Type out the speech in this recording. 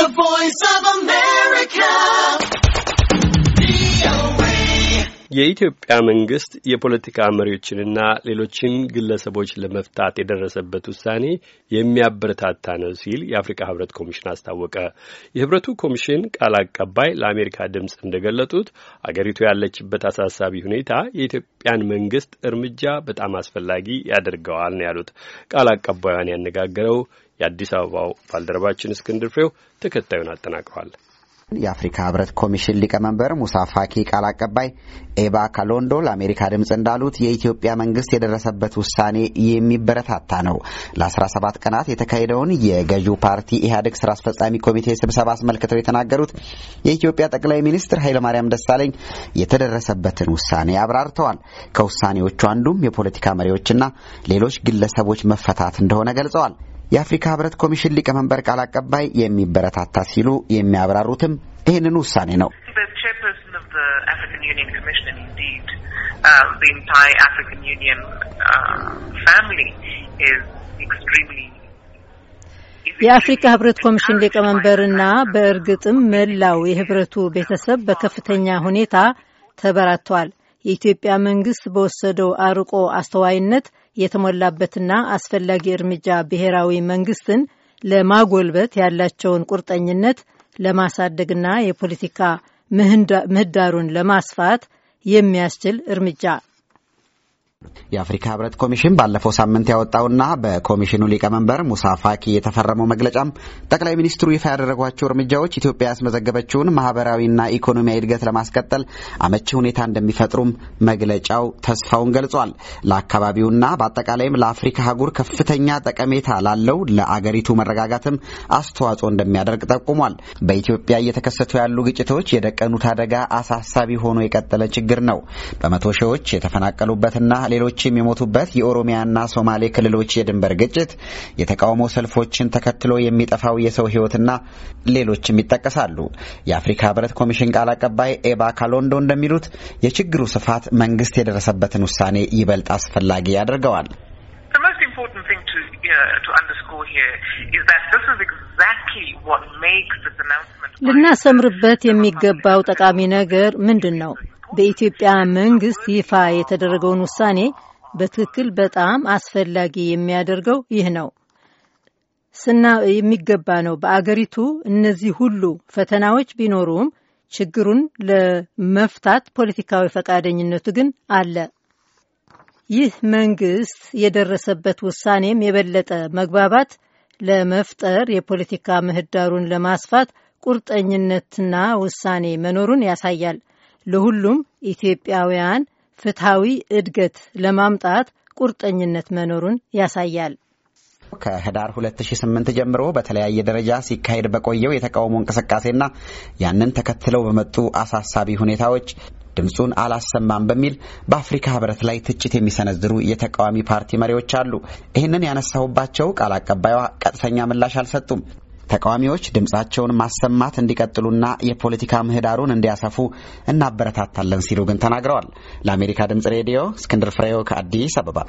The Voice of America. የኢትዮጵያ መንግስት የፖለቲካ መሪዎችንና ሌሎችን ግለሰቦች ለመፍታት የደረሰበት ውሳኔ የሚያበረታታ ነው ሲል የአፍሪካ ህብረት ኮሚሽን አስታወቀ። የህብረቱ ኮሚሽን ቃል አቀባይ ለአሜሪካ ድምፅ እንደገለጡት አገሪቱ ያለችበት አሳሳቢ ሁኔታ የኢትዮጵያን መንግስት እርምጃ በጣም አስፈላጊ ያደርገዋል ነው ያሉት ቃል አቀባዩን ያነጋገረው የአዲስ አበባው ባልደረባችን እስክንድር ፍሬው ተከታዩን አጠናቅሯል። የአፍሪካ ህብረት ኮሚሽን ሊቀመንበር ሙሳ ፋኪ ቃል አቀባይ ኤባ ካሎንዶ ለአሜሪካ ድምፅ እንዳሉት የኢትዮጵያ መንግስት የደረሰበት ውሳኔ የሚበረታታ ነው። ለ17 ቀናት የተካሄደውን የገዢው ፓርቲ ኢህአዴግ ስራ አስፈጻሚ ኮሚቴ ስብሰባ አስመልክተው የተናገሩት የኢትዮጵያ ጠቅላይ ሚኒስትር ኃይለማርያም ደሳለኝ የተደረሰበትን ውሳኔ አብራርተዋል። ከውሳኔዎቹ አንዱም የፖለቲካ መሪዎችና ሌሎች ግለሰቦች መፈታት እንደሆነ ገልጸዋል። የአፍሪካ ህብረት ኮሚሽን ሊቀመንበር ቃል አቀባይ የሚበረታታ ሲሉ የሚያብራሩትም ይህንን ውሳኔ ነው። uh, uh, የአፍሪካ ህብረት ኮሚሽን ሊቀመንበርና በእርግጥም መላው የህብረቱ ቤተሰብ በከፍተኛ ሁኔታ ተበራተዋል። የኢትዮጵያ መንግስት በወሰደው አርቆ አስተዋይነት የተሞላበትና አስፈላጊ እርምጃ ብሔራዊ መንግስትን ለማጎልበት ያላቸውን ቁርጠኝነት ለማሳደግና የፖለቲካ ምህዳሩን ለማስፋት የሚያስችል እርምጃ የአፍሪካ ህብረት ኮሚሽን ባለፈው ሳምንት ያወጣውና በኮሚሽኑ ሊቀመንበር ሙሳ ፋኪ የተፈረመው መግለጫም ጠቅላይ ሚኒስትሩ ይፋ ያደረጓቸው እርምጃዎች ኢትዮጵያ ያስመዘገበችውን ማህበራዊና ኢኮኖሚያዊ እድገት ለማስቀጠል አመቺ ሁኔታ እንደሚፈጥሩም መግለጫው ተስፋውን ገልጿል። ለአካባቢውና በአጠቃላይም ለአፍሪካ አህጉር ከፍተኛ ጠቀሜታ ላለው ለአገሪቱ መረጋጋትም አስተዋጽኦ እንደሚያደርግ ጠቁሟል። በኢትዮጵያ እየተከሰቱ ያሉ ግጭቶች የደቀኑት አደጋ አሳሳቢ ሆኖ የቀጠለ ችግር ነው። በመቶ ሺዎች የተፈናቀሉበትና ሌሎች የሚሞቱበት የኦሮሚያና ሶማሌ ክልሎች የድንበር ግጭት፣ የተቃውሞ ሰልፎችን ተከትሎ የሚጠፋው የሰው ሕይወትና ሌሎችም ይጠቀሳሉ። የአፍሪካ ሕብረት ኮሚሽን ቃል አቀባይ ኤባ ካሎንዶ እንደሚሉት የችግሩ ስፋት መንግስት የደረሰበትን ውሳኔ ይበልጥ አስፈላጊ ያደርገዋል። ልናሰምርበት የሚገባው ጠቃሚ ነገር ምንድን ነው? በኢትዮጵያ መንግስት ይፋ የተደረገውን ውሳኔ በትክክል በጣም አስፈላጊ የሚያደርገው ይህ ነው ስና የሚገባ ነው። በአገሪቱ እነዚህ ሁሉ ፈተናዎች ቢኖሩም ችግሩን ለመፍታት ፖለቲካዊ ፈቃደኝነቱ ግን አለ። ይህ መንግስት የደረሰበት ውሳኔም የበለጠ መግባባት ለመፍጠር የፖለቲካ ምህዳሩን ለማስፋት ቁርጠኝነትና ውሳኔ መኖሩን ያሳያል። ለሁሉም ኢትዮጵያውያን ፍትሐዊ እድገት ለማምጣት ቁርጠኝነት መኖሩን ያሳያል። ከህዳር 2008 ጀምሮ በተለያየ ደረጃ ሲካሄድ በቆየው የተቃውሞ እንቅስቃሴና ያንን ተከትለው በመጡ አሳሳቢ ሁኔታዎች ድምፁን አላሰማም በሚል በአፍሪካ ህብረት ላይ ትችት የሚሰነዝሩ የተቃዋሚ ፓርቲ መሪዎች አሉ። ይህንን ያነሳሁባቸው ቃል አቀባይዋ ቀጥተኛ ምላሽ አልሰጡም። ተቃዋሚዎች ድምፃቸውን ማሰማት እንዲቀጥሉና የፖለቲካ ምህዳሩን እንዲያሰፉ እናበረታታለን ሲሉ ግን ተናግረዋል። ለአሜሪካ ድምፅ ሬዲዮ እስክንድር ፍሬው ከአዲስ አበባ